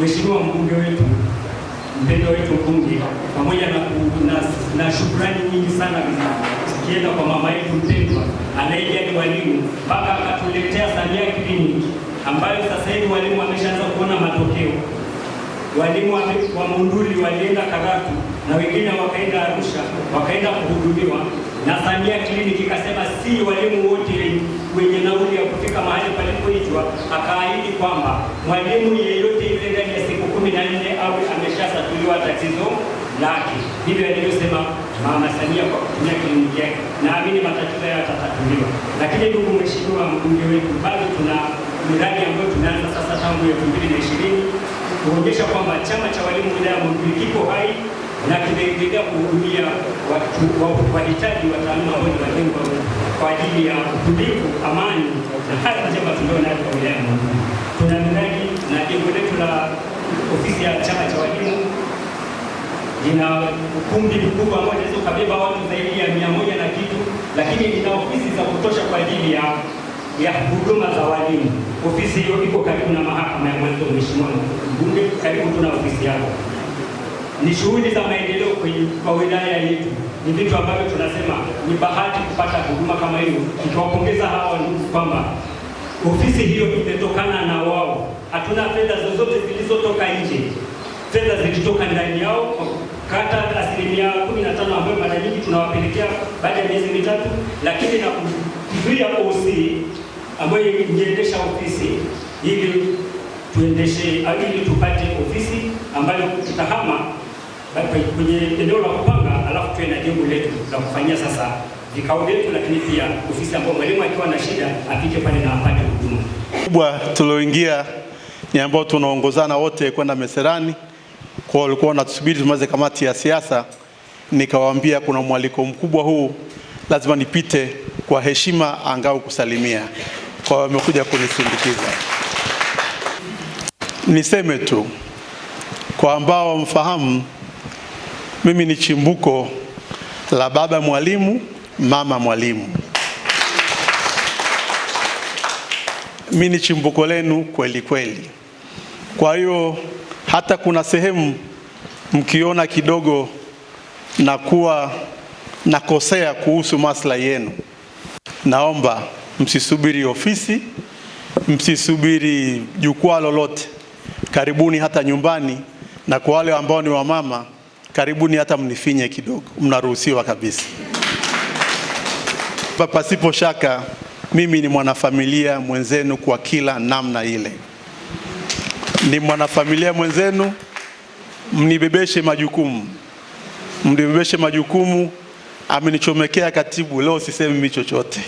Mheshimiwa mbunge wetu mpendwa wetu mbunge, pamoja na, na, na shukrani nyingi sana zikienda kwa mama yetu mpendwa anayejali walimu mpaka akatuletea Samia Kliniki ambayo sasa hivi walimu wameshaanza kuona matokeo. Walimu wa Monduli walienda Karatu na wengine wakaenda Arusha wakaenda kuhudumiwa na Samia Kliniki ikasema si walimu wote wenye nauli ya kufika mahali palipoitwa. Akaahidi kwamba mwalimu yeyote ile ndani ya siku kumi na nne au ameshasatuliwa tatizo lake. Hivyo alivyosema Mama Samia kwa kutumia kliniki yake, naamini matatizo hayo yatatatuliwa. Lakini ndugu mheshimiwa mbunge wetu, bado tuna miradi ambayo tumeanza sasa tangu elfu mbili na ishirini kuonyesha kwamba chama cha walimu wilaya Muhimbili kiko hai na kimeendelea kuhudumia wahitaji wa taaluma ambao ni wajengo kwa ajili ya utulivu, amani na hali njema tulionayo kwa wilaya ya Monduli. Tuna miradi na jengo letu la ofisi ya chama cha walimu lina ukumbi mkubwa ambao unaweza ukabeba watu zaidi ya mia moja na kitu, lakini lina ofisi za kutosha kwa ajili ya ya huduma za walimu. Ofisi hiyo iko karibu na mahakama ya mwanzo, Mheshimiwa Mbunge, karibu tuna ofisi yako ni shughuli za maendeleo kwa wilaya yetu. Ni vitu ambavyo tunasema ni bahati kupata huduma kama hiyo. Tukiwapongeza hawa ndugu kwamba ofisi hiyo imetokana na wao, hatuna fedha zozote zilizotoka nje, fedha zilitoka ndani yao kata asilimia kumi na tano ambayo mara nyingi tunawapelekea baada ya miezi mitatu, lakini na kuzuia OC ambayo iliendesha ofisi ili tuendeshe ili tupate ofisi ambayo tutahama kwenye eneo la kupanga, alafu tuwe na jengo letu la kufanyia sasa vikao vyetu, lakini pia ofisi ambayo mwalimu akiwa na shida apite pale na apate huduma kubwa. Tulioingia ni ambao tunaongozana wote kwenda Meserani, kwa walikuwa wanatusubiri tumaze kamati ya siasa, nikawaambia kuna mwaliko mkubwa huu, lazima nipite kwa heshima angao kusalimia kwa wamekuja kunisindikiza. Niseme tu kwa ambao wamfahamu mimi ni chimbuko la baba mwalimu, mama mwalimu. Mimi ni chimbuko lenu kweli kweli. Kwa hiyo hata kuna sehemu mkiona kidogo na kuwa nakosea kuhusu maslahi yenu, naomba msisubiri ofisi, msisubiri jukwaa lolote, karibuni hata nyumbani. Na kwa wale ambao ni wamama, karibuni hata mnifinye kidogo, mnaruhusiwa kabisa. Pasipo shaka mimi ni mwanafamilia mwenzenu kwa kila namna ile, ni mwanafamilia mwenzenu, mnibebeshe majukumu, mnibebeshe majukumu. Amenichomekea katibu, leo sisemi mimi chochote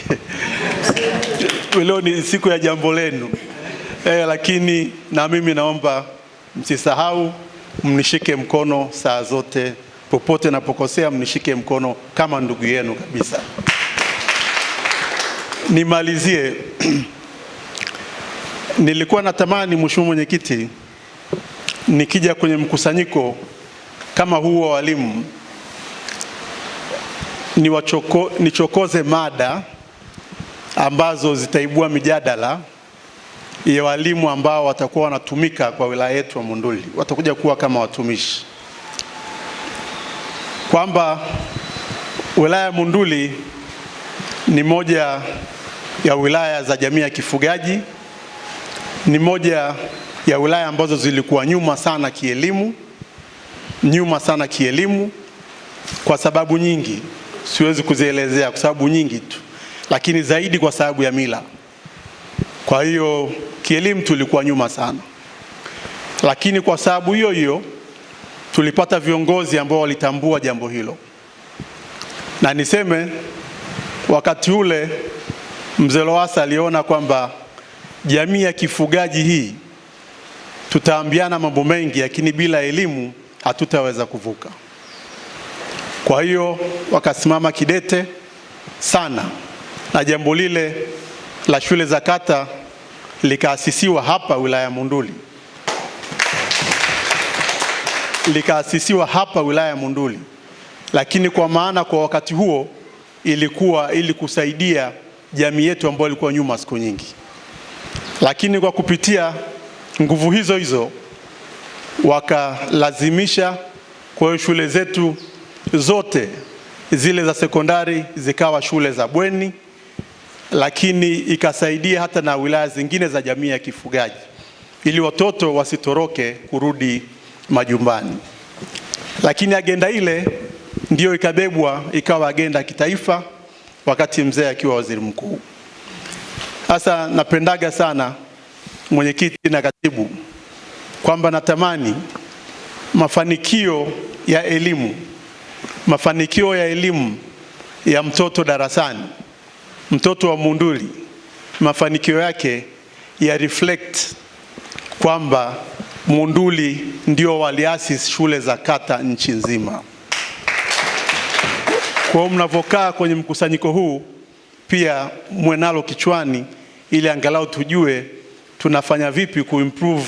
leo ni siku ya jambo lenu eh, lakini na mimi naomba msisahau mnishike mkono saa zote, popote napokosea mnishike mkono kama ndugu yenu kabisa. Nimalizie, nilikuwa natamani mheshimiwa mwenyekiti, nikija kwenye mkusanyiko kama huu wa walimu nichoko, nichokoze mada ambazo zitaibua mijadala ya walimu ambao watakuwa wanatumika kwa wilaya yetu ya Monduli, watakuja kuwa kama watumishi, kwamba wilaya ya Monduli ni moja ya wilaya za jamii ya kifugaji, ni moja ya wilaya ambazo zilikuwa nyuma sana kielimu, nyuma sana kielimu kwa sababu nyingi, siwezi kuzielezea kwa sababu nyingi tu, lakini zaidi kwa sababu ya mila. Kwa hiyo kielimu tulikuwa nyuma sana, lakini kwa sababu hiyo hiyo tulipata viongozi ambao walitambua jambo hilo, na niseme wakati ule mzee Lowassa aliona kwamba jamii ya kifugaji hii tutaambiana mambo mengi, lakini bila elimu hatutaweza kuvuka. Kwa hiyo wakasimama kidete sana na jambo lile la shule za kata likaasisiwa hapa wilaya ya Munduli, likaasisiwa hapa wilaya ya Munduli, lakini kwa maana kwa wakati huo ilikuwa ili kusaidia jamii yetu ambayo ilikuwa nyuma siku nyingi, lakini kwa kupitia nguvu hizo hizo wakalazimisha. Kwa hiyo shule zetu zote zile za sekondari zikawa shule za bweni lakini ikasaidia hata na wilaya zingine za jamii ya kifugaji ili watoto wasitoroke kurudi majumbani. Lakini agenda ile ndiyo ikabebwa ikawa agenda ya kitaifa wakati mzee akiwa waziri mkuu. Sasa napendaga sana mwenyekiti na katibu kwamba natamani mafanikio ya elimu, mafanikio ya elimu ya mtoto darasani mtoto wa Munduli mafanikio yake ya reflect kwamba Munduli ndio waliasisi shule za kata nchi nzima. Kwa hiyo mnavyokaa kwenye mkusanyiko huu pia mwenalo kichwani, ili angalau tujue tunafanya vipi kuimprove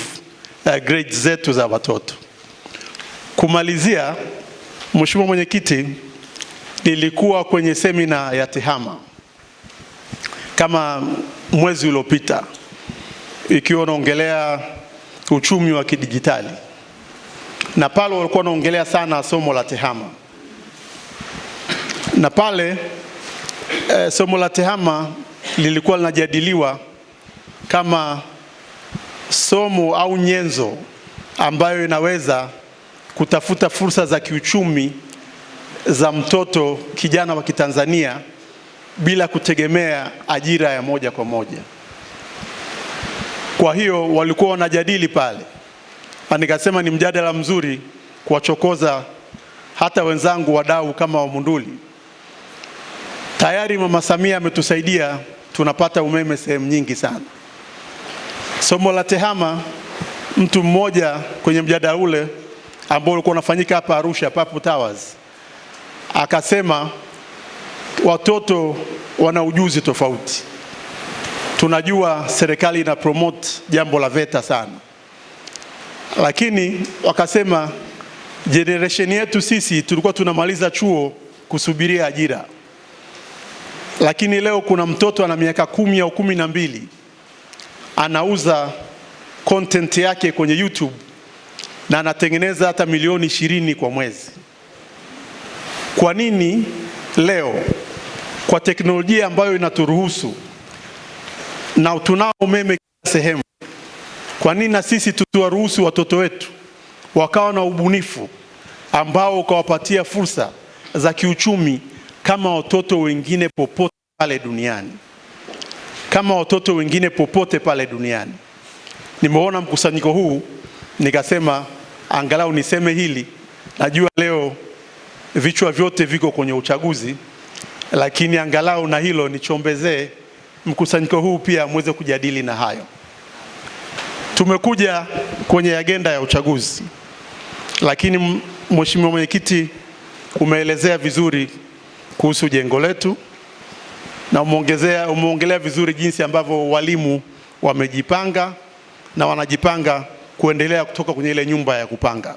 uh, grades zetu za watoto. Kumalizia, Mheshimiwa Mwenyekiti, nilikuwa kwenye semina ya TEHAMA kama mwezi uliopita, ikiwa unaongelea uchumi wa kidijitali, na pale walikuwa wanaongelea sana somo la tehama, na pale e, somo la tehama lilikuwa linajadiliwa kama somo au nyenzo ambayo inaweza kutafuta fursa za kiuchumi za mtoto kijana wa Kitanzania bila kutegemea ajira ya moja kwa moja. Kwa hiyo walikuwa wanajadili pale, na nikasema ni mjadala mzuri kuwachokoza hata wenzangu wadau kama Wamunduli. Tayari Mama Samia ametusaidia, tunapata umeme sehemu nyingi sana. Somo la tehama, mtu mmoja kwenye mjadala ule ambao ulikuwa unafanyika hapa Arusha, Papu Towers, akasema watoto wana ujuzi tofauti. Tunajua serikali ina promote jambo la VETA sana, lakini wakasema generation yetu sisi tulikuwa tunamaliza chuo kusubiria ajira, lakini leo kuna mtoto ana miaka kumi au kumi na mbili anauza content yake kwenye YouTube na anatengeneza hata milioni ishirini kwa mwezi. Kwa nini leo kwa teknolojia ambayo inaturuhusu na tunao umeme kila sehemu, kwa nini na sisi tusiwaruhusu watoto wetu wakawa na ubunifu ambao ukawapatia fursa za kiuchumi kama watoto wengine popote pale duniani, kama watoto wengine popote pale duniani. Nimeona mkusanyiko huu nikasema angalau niseme hili. Najua leo vichwa vyote viko kwenye uchaguzi lakini angalau na hilo nichombezee mkusanyiko huu pia muweze kujadili na hayo. Tumekuja kwenye agenda ya uchaguzi, lakini Mheshimiwa Mwenyekiti umeelezea vizuri kuhusu jengo letu na umeongezea umeongelea vizuri jinsi ambavyo walimu wamejipanga na wanajipanga kuendelea kutoka kwenye ile nyumba ya kupanga.